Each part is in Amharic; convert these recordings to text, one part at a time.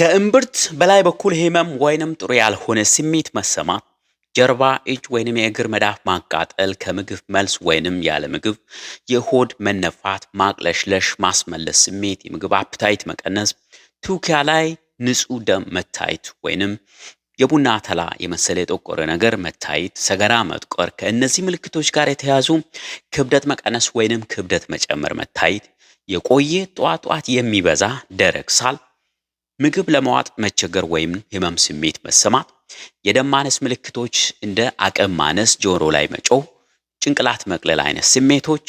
ከእምብርት በላይ በኩል ህመም ወይንም ጥሩ ያልሆነ ስሜት መሰማት፣ ጀርባ፣ እጅ ወይንም የእግር መዳፍ ማቃጠል፣ ከምግብ መልስ ወይንም ያለ ምግብ የሆድ መነፋት፣ ማቅለሽለሽ፣ ማስመለስ ስሜት፣ የምግብ አፕታይት መቀነስ፣ ትውኪያ ላይ ንጹህ ደም መታየት ወይንም የቡና ተላ የመሰለ የጠቆረ ነገር መታየት፣ ሰገራ መጥቆር፣ ከእነዚህ ምልክቶች ጋር የተያዙ ክብደት መቀነስ ወይንም ክብደት መጨመር መታየት፣ የቆየ ጧጧት የሚበዛ ደረቅ ሳል ምግብ ለመዋጥ መቸገር ወይም ህመም ስሜት መሰማት፣ የደም ማነስ ምልክቶች እንደ አቅም ማነስ፣ ጆሮ ላይ መጮህ፣ ጭንቅላት መቅለል አይነት ስሜቶች።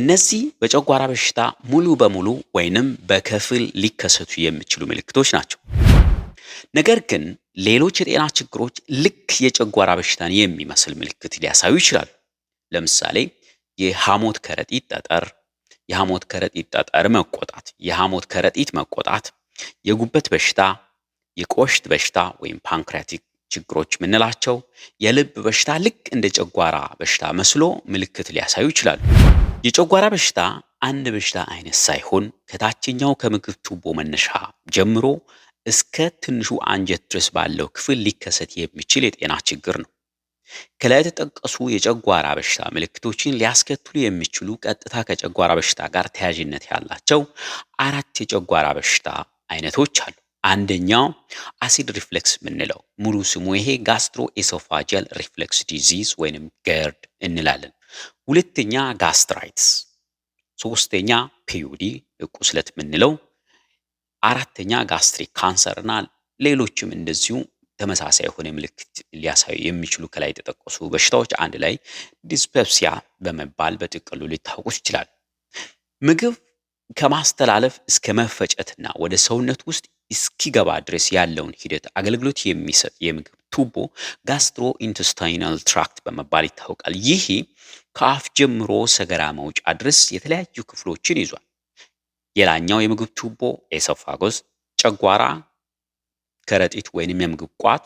እነዚህ በጨጓራ በሽታ ሙሉ በሙሉ ወይንም በከፊል ሊከሰቱ የሚችሉ ምልክቶች ናቸው። ነገር ግን ሌሎች የጤና ችግሮች ልክ የጨጓራ በሽታን የሚመስል ምልክት ሊያሳዩ ይችላሉ። ለምሳሌ የሐሞት ከረጢት ጠጠር፣ የሐሞት ከረጢት ጠጠር መቆጣት፣ የሐሞት ከረጢት መቆጣት የጉበት በሽታ፣ የቆሽት በሽታ ወይም ፓንክሪያቲክ ችግሮች የምንላቸው የልብ በሽታ ልክ እንደ ጨጓራ በሽታ መስሎ ምልክት ሊያሳዩ ይችላሉ። የጨጓራ በሽታ አንድ በሽታ አይነት ሳይሆን ከታችኛው ከምግብ ቱቦ መነሻ ጀምሮ እስከ ትንሹ አንጀት ድረስ ባለው ክፍል ሊከሰት የሚችል የጤና ችግር ነው። ከላይ የተጠቀሱ የጨጓራ በሽታ ምልክቶችን ሊያስከትሉ የሚችሉ ቀጥታ ከጨጓራ በሽታ ጋር ተያያዥነት ያላቸው አራት የጨጓራ በሽታ አይነቶች አሉ። አንደኛው አሲድ ሪፍሌክስ የምንለው ሙሉ ስሙ ይሄ ጋስትሮ ኤሶፋጀል ሪፍሌክስ ዲዚዝ ወይንም ገርድ እንላለን። ሁለተኛ ጋስትራይትስ፣ ሶስተኛ ፒዩዲ ቁስለት የምንለው፣ አራተኛ ጋስትሪክ ካንሰር እና ሌሎችም እንደዚሁ ተመሳሳይ የሆነ ምልክት ሊያሳዩ የሚችሉ ከላይ የተጠቀሱ በሽታዎች አንድ ላይ ዲስፐፕሲያ በመባል በጥቅሉ ሊታወቁ ይችላል። ምግብ ከማስተላለፍ እስከ መፈጨትና ወደ ሰውነት ውስጥ እስኪገባ ድረስ ያለውን ሂደት አገልግሎት የሚሰጥ የምግብ ቱቦ ጋስትሮ ኢንተስታይናል ትራክት በመባል ይታወቃል። ይህ ከአፍ ጀምሮ ሰገራ መውጫ ድረስ የተለያዩ ክፍሎችን ይዟል። የላኛው የምግብ ቱቦ ኤሶፋጎስ፣ ጨጓራ፣ ከረጢት ወይንም የምግብ ቋት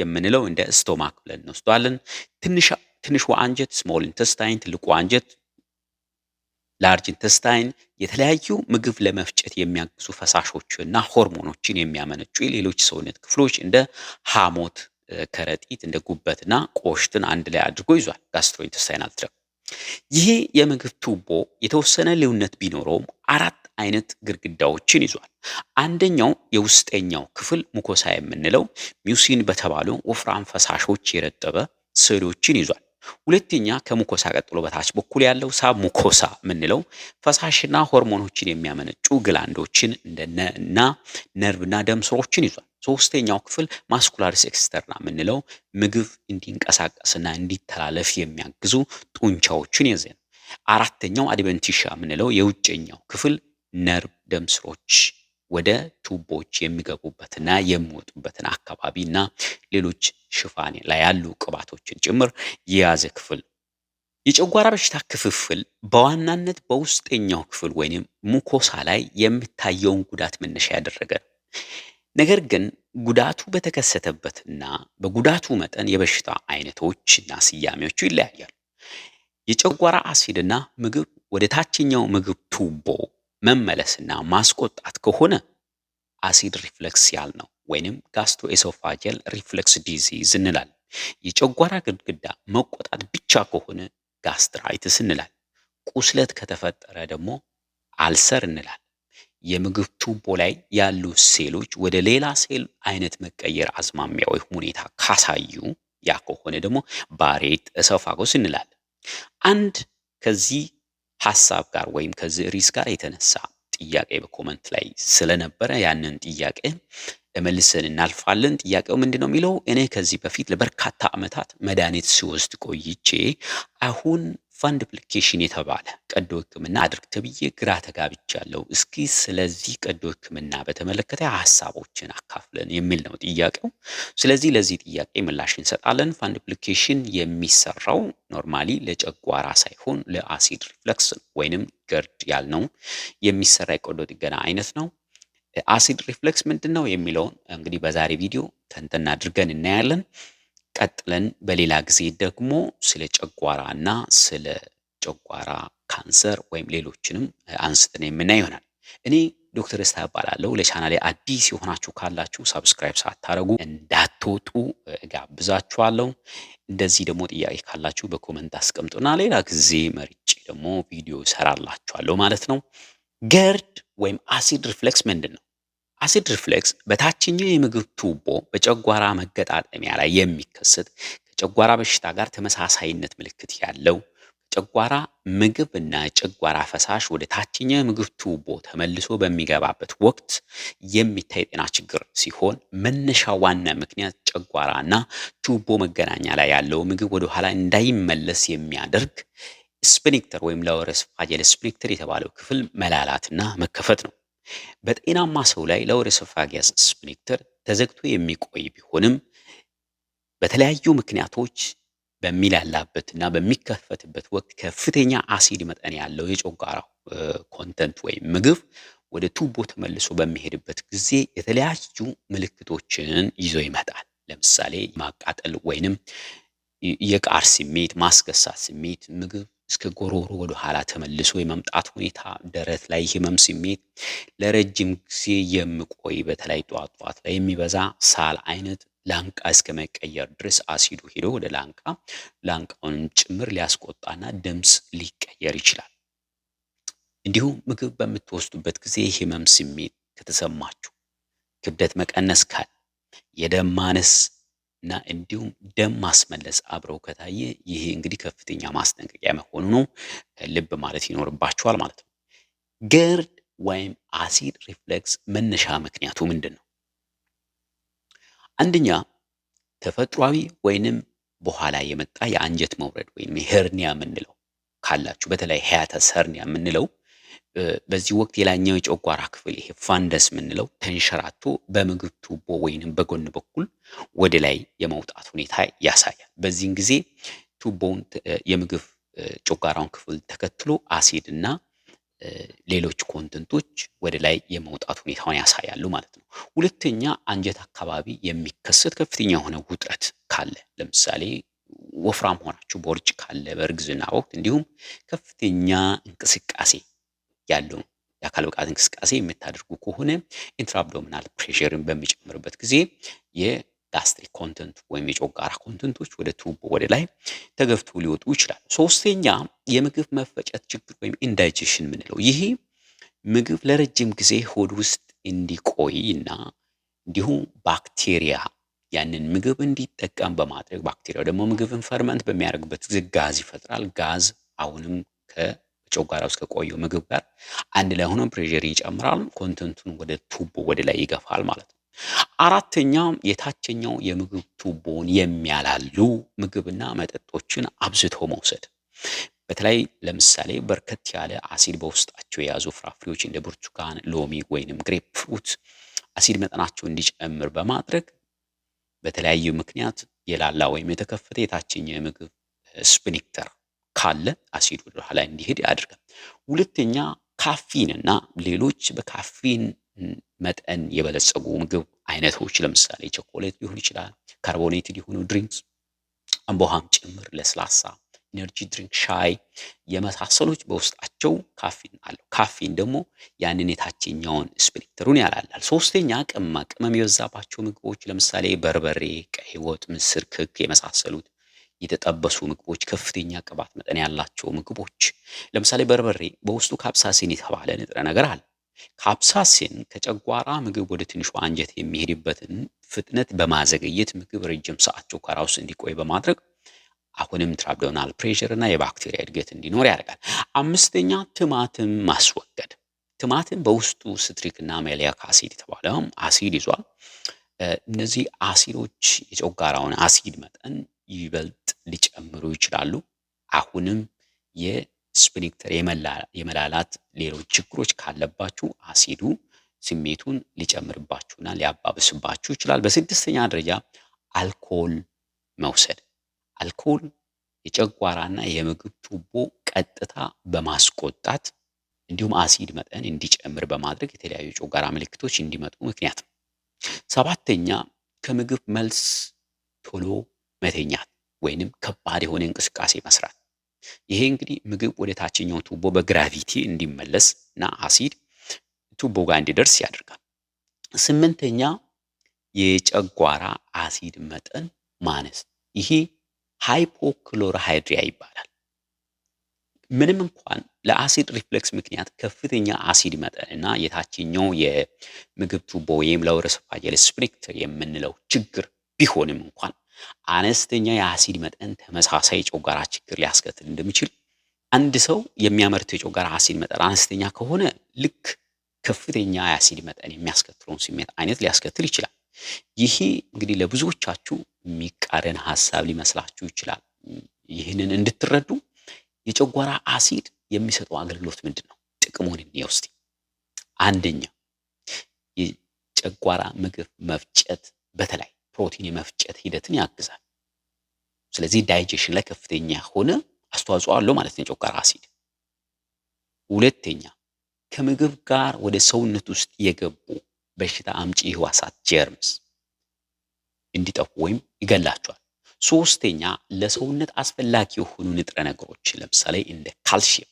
የምንለው እንደ ስቶማክ ብለን እንወስዷለን። ትንሿ አንጀት ስሞል ኢንተስታይን፣ ትልቁ አንጀት ላርጅ ኢንተስታይን የተለያዩ ምግብ ለመፍጨት የሚያግዙ ፈሳሾችና ሆርሞኖችን የሚያመነጩ የሌሎች ሰውነት ክፍሎች እንደ ሐሞት ከረጢት እንደ ጉበትና ቆሽትን አንድ ላይ አድርጎ ይዟል። ጋስትሮኢንተስታይናል ትራክት ይሄ የምግብ ቱቦ የተወሰነ ልዩነት ቢኖረውም አራት አይነት ግድግዳዎችን ይዟል። አንደኛው የውስጠኛው ክፍል ሙኮሳ የምንለው ሚውሲን በተባሉ ወፍራም ፈሳሾች የረጠበ ስዕሎችን ይዟል። ሁለተኛ ከሙኮሳ ቀጥሎ በታች በኩል ያለው ሳብ ሙኮሳ የምንለው ፈሳሽና ሆርሞኖችን የሚያመነጩ ግላንዶችን እንደና ነርቭና ደም ስሮችን ይዟል። ሶስተኛው ክፍል ማስኩላሪስ ኤክስተርና የምንለው ምግብ እንዲንቀሳቀስና እንዲተላለፍ የሚያግዙ ጡንቻዎችን የዘ አራተኛው አድቨንቲሻ የምንለው የውጨኛው ክፍል ነርቭ ደም ስሮች ወደ ቱቦዎች የሚገቡበትና የሚወጡበትን አካባቢ እና ሌሎች ሽፋን ላይ ያሉ ቅባቶችን ጭምር የያዘ ክፍል። የጨጓራ በሽታ ክፍፍል በዋናነት በውስጠኛው ክፍል ወይም ሙኮሳ ላይ የሚታየውን ጉዳት መነሻ ያደረገ ነው። ነገር ግን ጉዳቱ በተከሰተበትና በጉዳቱ መጠን የበሽታ እና ስያሜዎቹ ይለያያሉ። የጨጓራ አሲድና ምግብ ወደ ታችኛው ምግብ ቱቦ መመለስና ማስቆጣት ከሆነ አሲድ ሪፍለክስ ያል ነው ወይንም ጋስቶ ኤሶፋጀል ሪፍለክስ ዲዚዝ እንላል። የጨጓራ ግድግዳ መቆጣት ብቻ ከሆነ ጋስትራይትስ እንላል። ቁስለት ከተፈጠረ ደግሞ አልሰር እንላል። የምግብ ቱቦ ላይ ያሉ ሴሎች ወደ ሌላ ሴል አይነት መቀየር አዝማሚያ ወይ ሁኔታ ካሳዩ ያ ከሆነ ደግሞ ባሬት እሰፋጎስ እንላል። አንድ ከዚህ ሀሳብ ጋር ወይም ከዚህ ርዕስ ጋር የተነሳ ጥያቄ በኮመንት ላይ ስለነበረ ያንን ጥያቄ እመልሰን እናልፋለን። ጥያቄው ምንድን ነው የሚለው እኔ ከዚህ በፊት ለበርካታ ዓመታት መድኃኒት ሲወስድ ቆይቼ አሁን ፋንድ ፕሊኬሽን የተባለ ቀዶ ህክምና አድርግ ተብዬ ግራ ተጋብቻለሁ። እስኪ ስለዚህ ቀዶ ህክምና በተመለከተ ሀሳቦችን አካፍለን የሚል ነው ጥያቄው። ስለዚህ ለዚህ ጥያቄ ምላሽ እንሰጣለን። ፋንድ ፕሊኬሽን የሚሰራው ኖርማሊ ለጨጓራ ሳይሆን ለአሲድ ሪፍለክስ ወይንም ገርድ ያልነው የሚሰራ የቀዶ ጥገና አይነት ነው። አሲድ ሪፍለክስ ምንድን ነው የሚለውን እንግዲህ በዛሬ ቪዲዮ ተንተና አድርገን እናያለን። ቀጥለን በሌላ ጊዜ ደግሞ ስለ ጨጓራ እና ስለ ጨጓራ ካንሰር ወይም ሌሎችንም አንስተን የምናይ ይሆናል። እኔ ዶክተር ደስታ እባላለሁ። ለቻናሌ አዲስ የሆናችሁ ካላችሁ ሳብስክራይብ ሳታደረጉ እንዳትወጡ እጋብዛችኋለሁ። እንደዚህ ደግሞ ጥያቄ ካላችሁ በኮመንት አስቀምጡና ሌላ ጊዜ መርጬ ደግሞ ቪዲዮ እሰራላችኋለሁ ማለት ነው። ገርድ ወይም አሲድ ሪፍሌክስ ምንድን ነው? አሲድ ሪፍሌክስ በታችኛው የምግብ ቱቦ በጨጓራ መገጣጠሚያ ላይ የሚከሰት ከጨጓራ በሽታ ጋር ተመሳሳይነት ምልክት ያለው ጨጓራ ምግብ እና ጨጓራ ፈሳሽ ወደ ታችኛው የምግብ ቱቦ ተመልሶ በሚገባበት ወቅት የሚታይ ጤና ችግር ሲሆን መነሻ ዋና ምክንያት ጨጓራ እና ቱቦ መገናኛ ላይ ያለው ምግብ ወደ ኋላ እንዳይመለስ የሚያደርግ ስፕኒክተር ወይም ለወረስ ፋጀል ስፕኒክተር የተባለው ክፍል መላላትና መከፈት ነው። በጤናማ ሰው ላይ ለኦሮሶፋጊያስ ስፊንክተር ተዘግቶ የሚቆይ ቢሆንም በተለያዩ ምክንያቶች በሚላላበትና በሚከፈትበት ወቅት ከፍተኛ አሲድ መጠን ያለው የጨጓራ ኮንተንት ወይም ምግብ ወደ ቱቦ ተመልሶ በሚሄድበት ጊዜ የተለያዩ ምልክቶችን ይዞ ይመጣል። ለምሳሌ ማቃጠል ወይንም የቃር ስሜት፣ ማስገሳት ስሜት ምግብ እስከ ጎሮሮ ወደ ኋላ ተመልሶ የመምጣት ሁኔታ፣ ደረት ላይ ህመም ስሜት፣ ለረጅም ጊዜ የሚቆይ በተለይ ጧት ጧት ላይ የሚበዛ ሳል አይነት ላንቃ እስከ መቀየር ድረስ አሲዱ ሄዶ ወደ ላንቃ ላንቃውንም ጭምር ሊያስቆጣና ደምስ ሊቀየር ይችላል። እንዲሁም ምግብ በምትወስዱበት ጊዜ ህመም ስሜት ከተሰማችሁ፣ ክብደት መቀነስ ካለ፣ የደም ማነስ እና እንዲሁም ደም ማስመለስ አብረው ከታየ ይሄ እንግዲህ ከፍተኛ ማስጠንቀቂያ መሆኑ ነው። ልብ ማለት ይኖርባቸዋል ማለት ነው። ገርድ ወይም አሲድ ሪፍለክስ መነሻ ምክንያቱ ምንድን ነው? አንደኛ ተፈጥሯዊ ወይንም በኋላ የመጣ የአንጀት መውረድ ወይም ሄርኒያ የምንለው ካላችሁ በተለይ ሀያተስ ሄርኒያ የምንለው በዚህ ወቅት የላኛው የጨጓራ ክፍል ይሄ ፋንደስ የምንለው ተንሸራቶ በምግብ ቱቦ ወይንም በጎን በኩል ወደ ላይ የመውጣት ሁኔታ ያሳያል። በዚህን ጊዜ ቱቦውን የምግብ ጨጓራውን ክፍል ተከትሎ አሲድ እና ሌሎች ኮንተንቶች ወደ ላይ የመውጣት ሁኔታውን ያሳያሉ ማለት ነው። ሁለተኛ አንጀት አካባቢ የሚከሰት ከፍተኛ የሆነ ውጥረት ካለ ለምሳሌ ወፍራም ሆናችሁ ቦርጭ ካለ በእርግዝና ወቅት እንዲሁም ከፍተኛ እንቅስቃሴ ያለው የአካል ብቃት እንቅስቃሴ የምታደርጉ ከሆነ ኢንትራአብዶሚናል ፕሬሽርን በሚጨምርበት ጊዜ የጋስትሪክ ኮንተንት ወይም የጮጋራ ኮንተንቶች ወደ ቱቦ ወደ ላይ ተገፍቶ ሊወጡ ይችላል። ሶስተኛ የምግብ መፈጨት ችግር ወይም ኢንዳይጀሽን የምንለው ይህ ምግብ ለረጅም ጊዜ ሆድ ውስጥ እንዲቆይ እና እንዲሁም ባክቴሪያ ያንን ምግብ እንዲጠቀም በማድረግ ባክቴሪያው ደግሞ ምግብን ፈርመንት በሚያደርግበት ጊዜ ጋዝ ይፈጥራል። ጋዝ አሁንም ከ ጋር እስከ ከቆየው ምግብ ጋር አንድ ላይ ሆኖ ፕሬዠር ይጨምራል። ኮንተንቱን ወደ ቱቦ ወደ ላይ ይገፋል ማለት ነው። አራተኛ የታችኛው የምግብ ቱቦን የሚያላሉ ምግብና መጠጦችን አብዝቶ መውሰድ በተለይ ለምሳሌ በርከት ያለ አሲድ በውስጣቸው የያዙ ፍራፍሬዎች እንደ ብርቱካን፣ ሎሚ ወይንም ግሬፕ ፍሩት አሲድ መጠናቸው እንዲጨምር በማድረግ በተለያዩ ምክንያት የላላ ወይም የተከፈተ የታችኛው የምግብ ስፕኒክተር ካለ አሲድ ወደ ኋላ እንዲሄድ ያደርጋል። ሁለተኛ ካፊን እና ሌሎች በካፊን መጠን የበለጸጉ ምግብ አይነቶች ለምሳሌ ቸኮሌት ሊሆን ይችላል፣ ካርቦኔትድ የሆኑ ድሪንክስ፣ አምቦሃም ጭምር፣ ለስላሳ ኢነርጂ ድሪንክ፣ ሻይ የመሳሰሎች በውስጣቸው ካፊን አለው። ካፊን ደግሞ ያንን የታችኛውን ስፔክትሩን ያላላል። ሶስተኛ ቅመማ ቅመም የበዛባቸው ምግቦች ለምሳሌ በርበሬ፣ ቀይ ወጥ፣ ምስር፣ ክክ የመሳሰሉት የተጠበሱ ምግቦች፣ ከፍተኛ ቅባት መጠን ያላቸው ምግቦች። ለምሳሌ በርበሬ በውስጡ ካፕሳሲን የተባለ ንጥረ ነገር አለ። ካፕሳሲን ከጨጓራ ምግብ ወደ ትንሿ አንጀት የሚሄድበትን ፍጥነት በማዘገየት ምግብ ረጅም ሰዓት ጨጓራ ውስጥ እንዲቆይ በማድረግ አሁንም ትራብዶናል ፕሬሽር እና የባክቴሪያ እድገት እንዲኖር ያደርጋል። አምስተኛ ትማትም ማስወገድ። ትማትም በውስጡ ስትሪክ እና ሜሊያክ አሲድ የተባለ አሲድ ይዟል። እነዚህ አሲዶች የጨጓራውን አሲድ መጠን ይበልጥ ሊጨምሩ ይችላሉ። አሁንም የስፕኒክተር የመላላት ሌሎች ችግሮች ካለባችሁ አሲዱ ስሜቱን ሊጨምርባችሁና ሊያባብስባችሁ ይችላል። በስድስተኛ ደረጃ አልኮል መውሰድ። አልኮል የጨጓራና የምግብ ቱቦ ቀጥታ በማስቆጣት እንዲሁም አሲድ መጠን እንዲጨምር በማድረግ የተለያዩ ጨጓራ ምልክቶች እንዲመጡ ምክንያት ነው። ሰባተኛ ከምግብ መልስ ቶሎ መተኛት ወይንም ከባድ የሆነ እንቅስቃሴ መስራት። ይሄ እንግዲህ ምግብ ወደ ታችኛው ቱቦ በግራቪቲ እንዲመለስ እና አሲድ ቱቦ ጋር እንዲደርስ ያደርጋል። ስምንተኛ የጨጓራ አሲድ መጠን ማነስ፣ ይሄ ሃይፖክሎርሃይድሪያ ይባላል። ምንም እንኳን ለአሲድ ሪፍሌክስ ምክንያት ከፍተኛ አሲድ መጠን እና የታችኛው የምግብ ቱቦ ወይም ሎወር ኤሶፋጂያል የምንለው ችግር ቢሆንም እንኳን አነስተኛ የአሲድ መጠን ተመሳሳይ የጨጓራ ችግር ሊያስከትል እንደሚችል አንድ ሰው የሚያመርተው የጨጓራ አሲድ መጠን አነስተኛ ከሆነ ልክ ከፍተኛ የአሲድ መጠን የሚያስከትለውን ስሜት አይነት ሊያስከትል ይችላል። ይሄ እንግዲህ ለብዙዎቻችሁ የሚቃረን ሀሳብ ሊመስላችሁ ይችላል። ይህንን እንድትረዱ የጨጓራ አሲድ የሚሰጠው አገልግሎት ምንድን ነው? ጥቅሙን እኔ ውስጥ አንደኛ የጨጓራ ምግብ መፍጨት በተለይ ፕሮቲን የመፍጨት ሂደትን ያግዛል። ስለዚህ ዳይጀሽን ላይ ከፍተኛ የሆነ አስተዋጽኦ አለው ማለት ነው የጨጓራ አሲድ። ሁለተኛ ከምግብ ጋር ወደ ሰውነት ውስጥ የገቡ በሽታ አምጪ ህዋሳት ጀርምስ እንዲጠፉ ወይም ይገላቸዋል። ሶስተኛ ለሰውነት አስፈላጊ የሆኑ ንጥረ ነገሮች ለምሳሌ እንደ ካልሲየም፣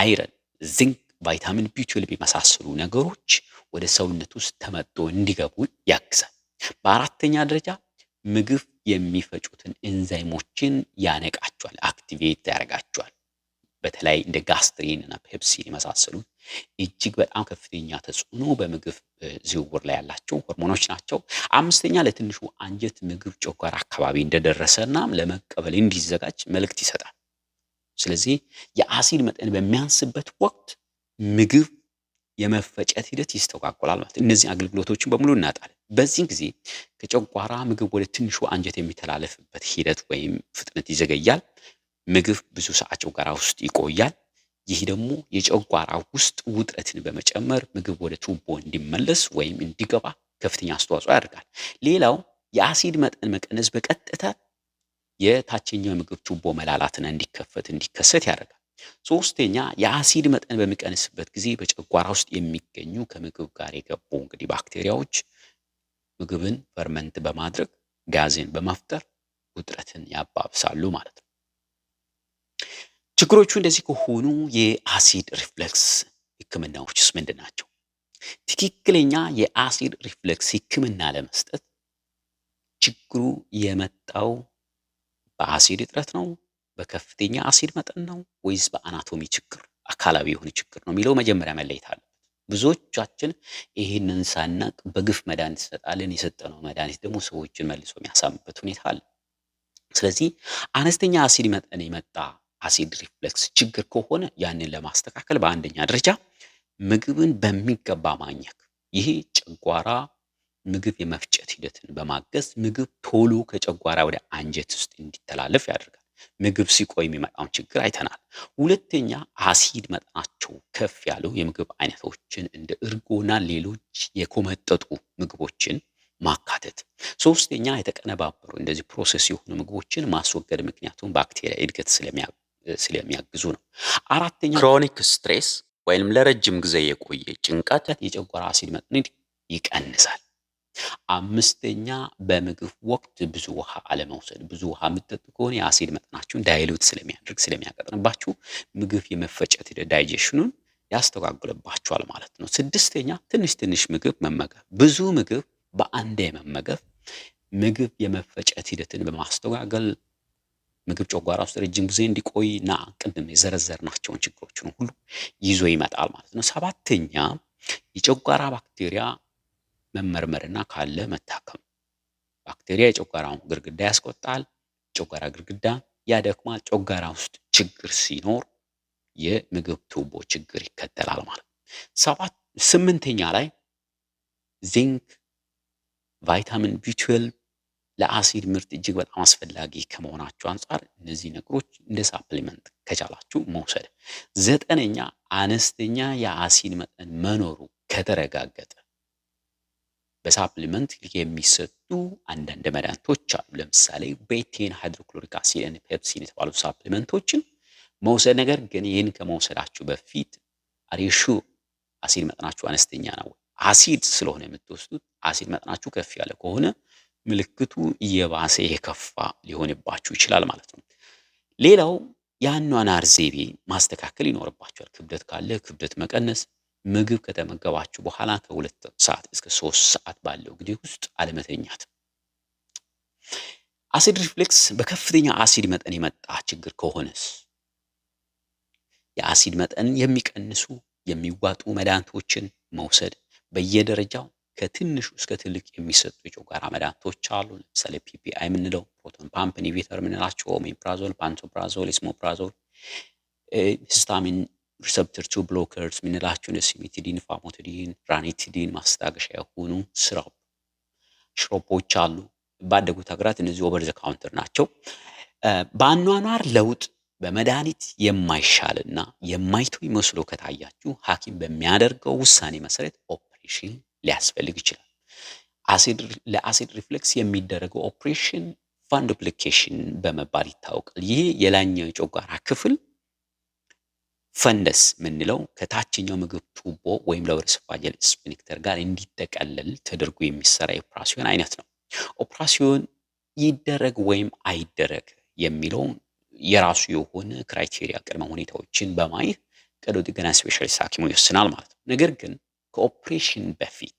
አይረን፣ ዝንክ፣ ቫይታሚን ቢ12 የመሳሰሉ ነገሮች ወደ ሰውነት ውስጥ ተመጦ እንዲገቡ ያግዛል። በአራተኛ ደረጃ ምግብ የሚፈጩትን ኤንዛይሞችን ያነቃቸዋል፣ አክቲቬት ያደርጋቸዋል። በተለይ እንደ ጋስትሪን እና ፔፕሲን የመሳሰሉ እጅግ በጣም ከፍተኛ ተጽዕኖ በምግብ ዝውውር ላይ ያላቸው ሆርሞኖች ናቸው። አምስተኛ ለትንሹ አንጀት ምግብ ጨጓራ አካባቢ እንደደረሰና ለመቀበል እንዲዘጋጅ መልእክት ይሰጣል። ስለዚህ የአሲድ መጠን በሚያንስበት ወቅት ምግብ የመፈጨት ሂደት ይስተጓጎላል ማለት እነዚህ አገልግሎቶችን በሙሉ እናጣለን። በዚህ ጊዜ ከጨጓራ ምግብ ወደ ትንሹ አንጀት የሚተላለፍበት ሂደት ወይም ፍጥነት ይዘገያል። ምግብ ብዙ ሰዓት ጨጓራ ውስጥ ይቆያል። ይህ ደግሞ የጨጓራ ውስጥ ውጥረትን በመጨመር ምግብ ወደ ቱቦ እንዲመለስ ወይም እንዲገባ ከፍተኛ አስተዋጽኦ ያደርጋል። ሌላው የአሲድ መጠን መቀነስ በቀጥታ የታችኛው የምግብ ቱቦ መላላትና እንዲከፈት እንዲከሰት ያደርጋል። ሶስተኛ የአሲድ መጠን በሚቀንስበት ጊዜ በጨጓራ ውስጥ የሚገኙ ከምግብ ጋር የገቡ እንግዲህ ባክቴሪያዎች ምግብን ፈርመንት በማድረግ ጋዜን በማፍጠር ውጥረትን ያባብሳሉ ማለት ነው። ችግሮቹ እንደዚህ ከሆኑ የአሲድ ሪፍሌክስ ህክምናዎችስ ምንድን ናቸው? ትክክለኛ የአሲድ ሪፍሌክስ ህክምና ለመስጠት ችግሩ የመጣው በአሲድ እጥረት ነው፣ በከፍተኛ አሲድ መጠን ነው፣ ወይስ በአናቶሚ ችግር አካላዊ የሆነ ችግር ነው የሚለው መጀመሪያ መለየት አለ። ብዙዎቻችን ይህንን ሳናቅ በግፍ መድኃኒት እንሰጣለን። የሰጠነው መድኃኒት ደግሞ ሰዎችን መልሶ የሚያሳምበት ሁኔታ አለ። ስለዚህ አነስተኛ አሲድ መጠን የመጣ አሲድ ሪፍለክስ ችግር ከሆነ ያንን ለማስተካከል በአንደኛ ደረጃ ምግብን በሚገባ ማኘክ፣ ይሄ ጨጓራ ምግብ የመፍጨት ሂደትን በማገዝ ምግብ ቶሎ ከጨጓራ ወደ አንጀት ውስጥ እንዲተላለፍ ያደርጋል። ምግብ ሲቆይ የሚመጣውን ችግር አይተናል። ሁለተኛ አሲድ መጠናቸው ከፍ ያለው የምግብ አይነቶችን እንደ እርጎና ሌሎች የኮመጠጡ ምግቦችን ማካተት። ሶስተኛ የተቀነባበሩ እንደዚህ ፕሮሰስ የሆኑ ምግቦችን ማስወገድ፣ ምክንያቱም ባክቴሪያ እድገት ስለሚያግዙ ነው። አራተኛ ክሮኒክ ስትሬስ ወይም ለረጅም ጊዜ የቆየ ጭንቀት የጨጓራ አሲድ መጠን ይቀንሳል። አምስተኛ በምግብ ወቅት ብዙ ውሃ አለመውሰድ። ብዙ ውሃ የምትጠጡ ከሆነ የአሲድ መጠናችሁን ዳይሉት ስለሚያደርግ ስለሚያቀጥንባችሁ ምግብ የመፈጨት ዳይጀሽኑን ያስተጓጉልባችኋል ማለት ነው። ስድስተኛ ትንሽ ትንሽ ምግብ መመገብ። ብዙ ምግብ በአንዴ መመገብ ምግብ የመፈጨት ሂደትን በማስተጓገል ምግብ ጨጓራ ውስጥ ረጅም ጊዜ እንዲቆይና ቅድም የዘረዘርናቸውን ችግሮችን ሁሉ ይዞ ይመጣል ማለት ነው። ሰባተኛ የጨጓራ ባክቴሪያ መመርመርና ካለ መታከም። ባክቴሪያ የጨጓራውን ግድግዳ ያስቆጣል። የጨጓራ ግድግዳ ያደክማል። ጨጓራ ውስጥ ችግር ሲኖር የምግብ ቱቦ ችግር ይከተላል ማለት ነው። ሰባት ስምንተኛ ላይ ዚንክ ቫይታሚን ቢ12 ለአሲድ ምርት እጅግ በጣም አስፈላጊ ከመሆናቸው አንጻር እነዚህ ነገሮች እንደ ሳፕሊመንት ከቻላችሁ መውሰድ። ዘጠነኛ አነስተኛ የአሲድ መጠን መኖሩ ከተረጋገጠ በሳፕሊመንት የሚሰጡ አንዳንድ መድኃኒቶች አሉ። ለምሳሌ ቤቴን ሃይድሮክሎሪክ አሲድን ፔፕሲን የተባሉ ሳፕሊመንቶችን መውሰድ። ነገር ግን ይህን ከመውሰዳችሁ በፊት ሬሹ አሲድ መጠናችሁ አነስተኛ ነው። አሲድ ስለሆነ የምትወስዱት አሲድ መጠናችሁ ከፍ ያለ ከሆነ ምልክቱ እየባሰ የከፋ ሊሆንባችሁ ይችላል ማለት ነው። ሌላው የአኗኗር ዘይቤ ማስተካከል ይኖርባችኋል። ክብደት ካለ ክብደት መቀነስ ምግብ ከተመገባችሁ በኋላ ከሁለት ሰዓት እስከ ሶስት ሰዓት ባለው ጊዜ ውስጥ አለመተኛት። አሲድ ሪፍሌክስ በከፍተኛ አሲድ መጠን የመጣ ችግር ከሆነስ? የአሲድ መጠን የሚቀንሱ የሚዋጡ መድኃኒቶችን መውሰድ በየደረጃው ከትንሹ እስከ ትልቅ የሚሰጡ የጨጓራ መድኃኒቶች አሉ። ለምሳሌ ፒፒአይ የምንለው ፕሮቶን ፓምፕ ኢንሂቢተር የምንላቸው ኦሜፕራዞል፣ ፓንቶፕራዞል፣ ስሞፕራዞል፣ ሂስታሚን ሪሰፕተር ቱ ብሎከርስ የምንላቸውን ሲሚቲዲን፣ ፋሞቲዲን፣ ራኒቲዲን ማስታገሻ የሆኑ ስራ ሽሮፖች አሉ። ባደጉት ሀገራት እነዚህ ኦቨር ዘ ካውንተር ናቸው። በአኗኗር ለውጥ በመድኃኒት የማይሻልና የማይተው መስሎ ከታያችሁ ሐኪም በሚያደርገው ውሳኔ መሰረት ኦፕሬሽን ሊያስፈልግ ይችላል። ለአሲድ ሪፍሌክስ የሚደረገው ኦፕሬሽን ቫንዶፕሊኬሽን በመባል ይታወቃል። ይህ የላይኛው የጨጓራ ክፍል ፈንደስ የምንለው ከታችኛው ምግብ ቱቦ ወይም ለወርሰፋጀል ስፊንክተር ጋር እንዲጠቀለል ተደርጎ የሚሰራ የኦፕራሲዮን አይነት ነው። ኦፕራሲዮን ይደረግ ወይም አይደረግ የሚለው የራሱ የሆነ ክራይቴሪያ ቅድመ ሁኔታዎችን በማየት ቀዶ ጥገና ስፔሻሊስት ሐኪሙ ይወስናል ማለት ነው። ነገር ግን ከኦፕሬሽን በፊት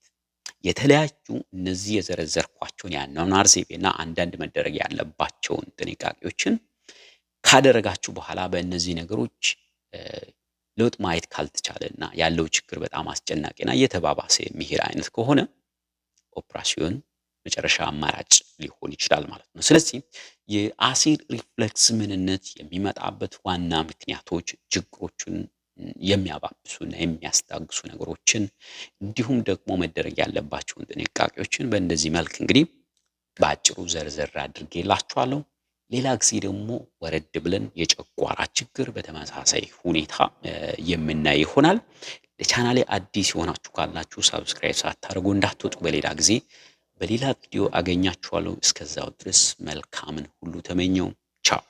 የተለያዩ እነዚህ የዘረዘርኳቸውን የአኗኗር ዘይቤና አንዳንድ መደረግ ያለባቸውን ጥንቃቄዎችን ካደረጋችሁ በኋላ በእነዚህ ነገሮች ለውጥ ማየት ካልተቻለ እና ያለው ችግር በጣም አስጨናቂና እየተባባሰ የሚሄድ አይነት ከሆነ ኦፕራሲዮን መጨረሻ አማራጭ ሊሆን ይችላል ማለት ነው። ስለዚህ የአሲድ ሪፍለክስ ምንነት የሚመጣበት ዋና ምክንያቶች ችግሮቹን የሚያባብሱና የሚያስታግሱ ነገሮችን እንዲሁም ደግሞ መደረግ ያለባቸውን ጥንቃቄዎችን በእንደዚህ መልክ እንግዲህ በአጭሩ ዘርዘር አድርጌ ላችኋለሁ። ሌላ ጊዜ ደግሞ ወረድ ብለን የጨጓራ ችግር በተመሳሳይ ሁኔታ የምናይ ይሆናል። ለቻናሌ አዲስ የሆናችሁ ካላችሁ ሳብስክራይብ ሳታደርጉ እንዳትወጡ። በሌላ ጊዜ በሌላ ቪዲዮ አገኛችኋለሁ። እስከዛው ድረስ መልካምን ሁሉ ተመኘው። ቻው